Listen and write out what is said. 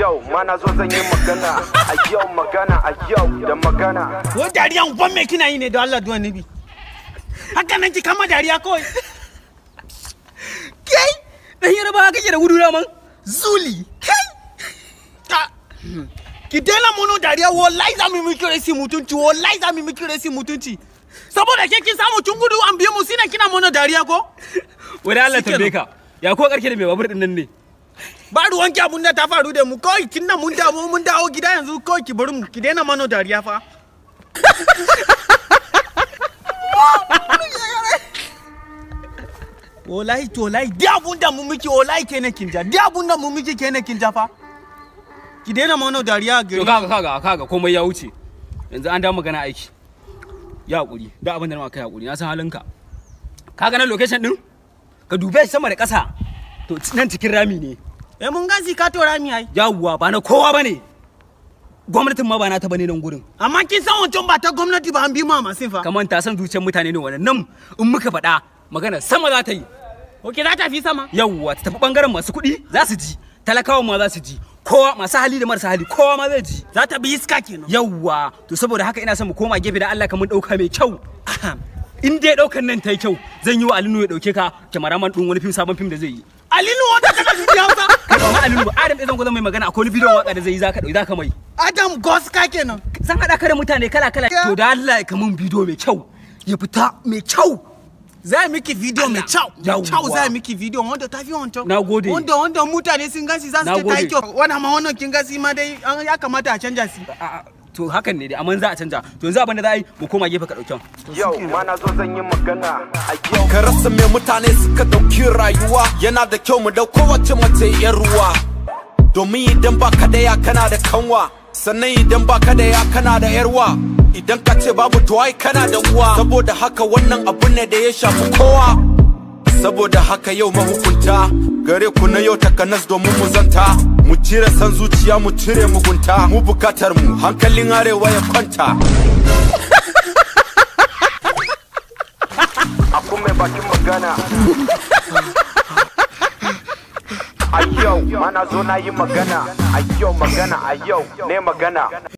yau mana zo zan yi magana a yau magana a yau da magana ko dariya uban me kina yi ne da Allah duwan nabi haka nan ki kama dariya kawai kai dan b'a kake da gudu man zuli kai ki daina mono dariya wallahi za mu miki resi mutunci wallahi za mu miki resi mutunci saboda ke kin samu kin gudu an biye mu sinan kina mono dariya ko wani Allah tabbeka ya ko karke da me babur din nan ne ba ruwan ki abun da ta faru da mu kawai tun nan mun damu mun dawo gida yanzu kawai ki bari mu ki daina mano dariya fa wallahi to wallahi di abun da mu miki wallahi kenan kinja di abun da mu miki kenan kinja fa ki daina mano dariya gari to kaga kaga kaga komai ya wuce yanzu an da magana aiki ya hakuri da abin da na kai hakuri na san halinka kaga nan location din ka dube sama da ƙasa to nan cikin rami ne eh mun gazi ka tora mi ai yawwa ba na kowa bane gwamnatin ma ba na ta bane nan gurin amma kin san wancan ba ta gwamnati ba an bi a masin fa kaman ta san zuciyar mutane ne wannan nan in muka faɗa magana sama za ta yi Oke za ta fi sama yawwa ta tafi bangaren masu kuɗi za su ji talakawa ma za su ji kowa masu hali da marasa hali kowa ma zai ji za ta bi iska kenan yawwa to saboda haka ina son mu koma gefe da Allah ka mun dauka mai kyau in dai daukan nan ta yi kyau zan yi wa Alinu ya dauke ka kyamaraman din wani fim sabon fim da zai yi Alinu wanda ka da hausa kai ba ma aminu ba adam zan gwada mai magana akwai wani bidiyon waka da zai yi zaka dauki zaka mai adam goska kenan zan hada ka da mutane kala kala to da Allah ka mun bidiyo mai kyau ya fita mai kyau za miki video mai kyau mai kyau za miki video wanda ta fi wancan na gode wanda wanda mutane sun gasi za ce ta yi kyau wannan ma wannan kin gasi ma dai ya kamata a canja si to hakan ne dai amma za a canja to yanzu abin da za a yi mu koma gefe ka dauki yau ma na zo zan yi magana a yau ka rasa me mutane suka dauki rayuwa yana da kyau mu dauko wacce mace yar ruwa domin idan ba ka da ya kana da kanwa sannan idan ba ka da ya kana da yarwa idan ka ce babu to ai kana da uwa saboda haka wannan abu ne da ya shafi kowa saboda haka yau mahukunta gare ku na yau takanas domin mu zanta mu cire san zuciya mu cire mugunta mu bukatar mu hankalin arewa ya kwanta akun mai bakin magana mana zo na yi magana a yau magana a ne magana